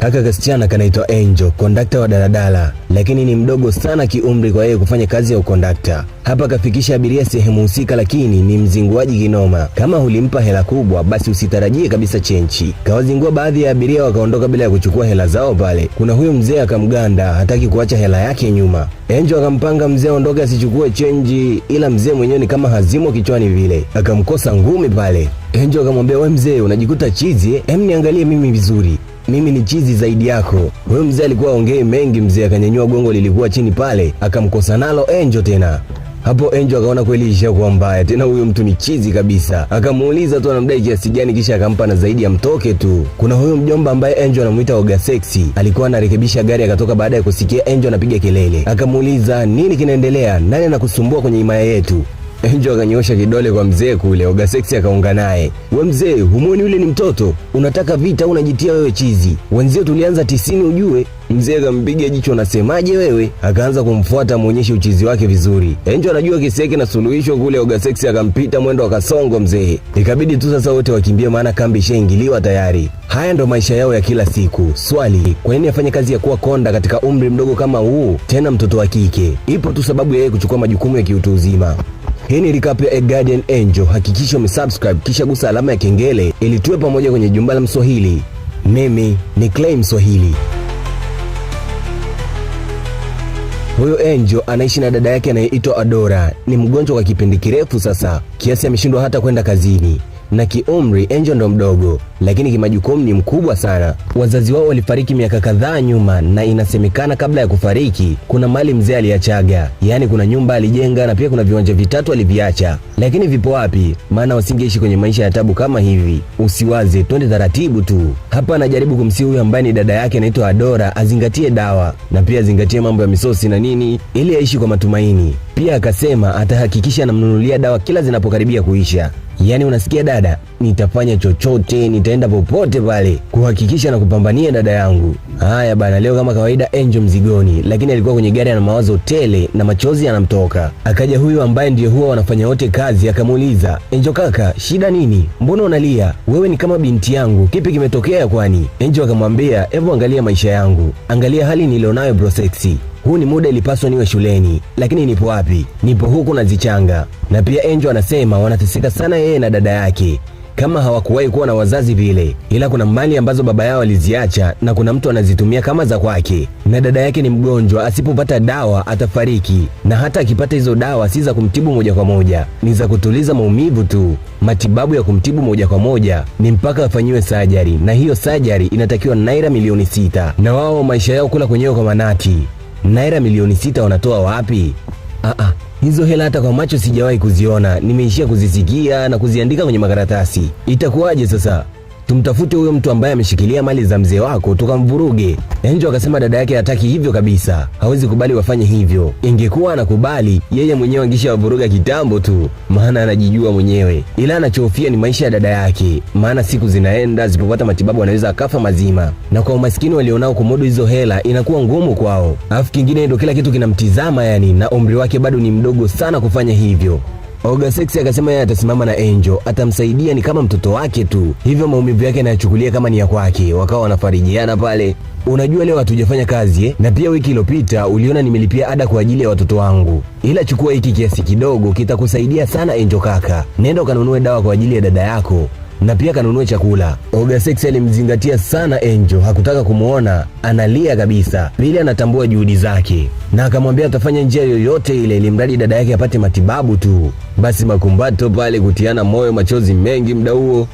Kaka kasichana kanaitwa Angel, kondakta wa daladala, lakini ni mdogo sana kiumri kwa yeye kufanya kazi ya ukondakta. Hapa kafikisha abiria sehemu husika, lakini ni mzinguaji kinoma. Kama hulimpa hela kubwa, basi usitarajie kabisa chenchi. Kawazingua baadhi ya abiria wakaondoka bila ya kuchukua hela zao. Pale kuna huyu mzee akamganda, hataki kuacha hela yake nyuma. Angel akampanga mzee aondoke asichukue chenji, ila mzee mwenyewe ni kama hazimo kichwani vile, akamkosa ngumi pale. Angel akamwambia, we mzee, unajikuta chizi, eh? em niangalie mimi vizuri mimi ni chizi zaidi yako. Huyo mzee alikuwa aongei mengi, mzee akanyanyua gongo lilikuwa chini pale, akamkosa nalo Angel tena. Hapo Angel akaona kweli ishakuwa mbaya tena, huyo mtu ni chizi kabisa. Akamuuliza tu anamdai kiasi gani, kisha akampa na zaidi ya mtoke tu. Kuna huyo mjomba ambaye Angel anamuita Oga Sexy, alikuwa anarekebisha gari akatoka baada ya kusikia Angel anapiga kelele. Akamuuliza nini kinaendelea, nani anakusumbua kwenye himaya yetu? enjo akanyosha kidole kwa mzee kule, Sexy akaunga naye. We mzee, humuoni yule ni mtoto? Unataka vita au unajitia wewe chizi? Wenzio tulianza tisini ujue. Mzee akampiga jicho, unasemaje wewe? Akaanza kumfuata mwonyeshe uchizi wake vizuri. enjo anajua kesi na suluhisho kule, Sexy akampita mwendo akasongwa mzee. Ikabidi tu sasa wote wakimbie, maana kambi ishaingiliwa tayari. Haya ndo maisha yao ya kila siku. Swali, kwa nini afanye kazi ya kuwa konda katika umri mdogo kama huu, tena mtoto wa kike? Ipo tu sababu ya yeye kuchukua majukumu ya kiutu uzima. Hii ni recap ya A Guardian Angel. Hakikisha umesubscribe kisha gusa alama ya kengele ili tuwe pamoja kwenye jumba la Mswahili. Mimi ni Clay Mswahili. Huyo Angel anaishi na dada yake anayeitwa Adora. Ni mgonjwa kwa kipindi kirefu sasa, kiasi ameshindwa hata kwenda kazini na kiumri Angel ndo mdogo, lakini kimajukumu ni mkubwa sana. Wazazi wao walifariki miaka kadhaa nyuma, na inasemekana kabla ya kufariki kuna mali mzee aliachaga, yaani kuna nyumba alijenga na pia kuna viwanja vitatu aliviacha, lakini vipo wapi? Maana wasingeishi kwenye maisha ya tabu kama hivi. Usiwaze, twende taratibu tu. Hapa anajaribu kumsi huyu ambaye ni dada yake anaitwa Adora azingatie dawa na pia azingatie mambo ya misosi na nini, ili aishi kwa matumaini. Pia akasema atahakikisha anamnunulia dawa kila zinapokaribia kuisha. Yaani unasikia dada, nitafanya chochote, nitaenda popote pale kuhakikisha na kupambania dada yangu. Haya bana, leo kama kawaida Angel mzigoni, lakini alikuwa kwenye gari ana mawazo tele na machozi yanamtoka. Akaja huyu ambaye ndiye huwa wanafanya wote kazi, akamuuliza Angel, kaka, shida nini? Mbona unalia? Wewe ni kama binti yangu, kipi kimetokea kwani? Angel akamwambia, hebu angalia maisha yangu, angalia hali nilionayo, sexy huu ni muda ilipaswa niwe shuleni, lakini nipo wapi? Nipo huku nazichanga. Na pia Angel anasema wanateseka sana yeye na dada yake kama hawakuwahi kuwa na wazazi vile, ila kuna mali ambazo baba yao aliziacha na kuna mtu anazitumia kama za kwake, na dada yake ni mgonjwa, asipopata dawa atafariki, na hata akipata hizo dawa si za kumtibu moja kwa moja, ni za kutuliza maumivu tu. Matibabu ya kumtibu moja kwa moja ni mpaka afanyiwe sajari, na hiyo sajari inatakiwa naira milioni sita, na wao maisha yao kula kwenyewe kwa manati naira milioni sita wanatoa wapi? Ah, ah, hizo hela hata kwa macho sijawahi kuziona, nimeishia kuzisikia na kuziandika kwenye makaratasi. Itakuwaje sasa? tumtafute huyo mtu ambaye ameshikilia mali za mzee wako tukamvuruge. Enjo akasema dada yake hataki hivyo kabisa, hawezi kubali wafanye hivyo. Ingekuwa anakubali yeye mwenyewe angisha wavuruga kitambo tu, maana anajijua mwenyewe, ila anachofia ni maisha ya dada yake, maana siku zinaenda, zipopata matibabu anaweza akafa mazima, na kwa umaskini walionao kumudu hizo hela inakuwa ngumu kwao. Alafu kingine ndio kila kitu kinamtizama yani, na umri wake bado ni mdogo sana kufanya hivyo. Oga Sexy akasema yeye atasimama na Angel, atamsaidia ni kama mtoto wake tu, hivyo maumivu yake anayachukulia kama ni ya kwake. Wakawa wanafarijiana pale. Unajua, leo hatujafanya kazi eh? Na pia wiki iliyopita uliona nimelipia ada kwa ajili ya watoto wangu, ila chukua hiki kiasi kidogo, kitakusaidia sana Angel kaka. Nenda ukanunue dawa kwa ajili ya dada yako na pia kanunue chakula. oga Sex alimzingatia sana Angel, hakutaka kumwona analia kabisa, Pili anatambua juhudi zake na akamwambia atafanya njia yoyote ile ili mradi dada yake apate matibabu tu. Basi makumbato pale kutiana moyo, machozi mengi muda huo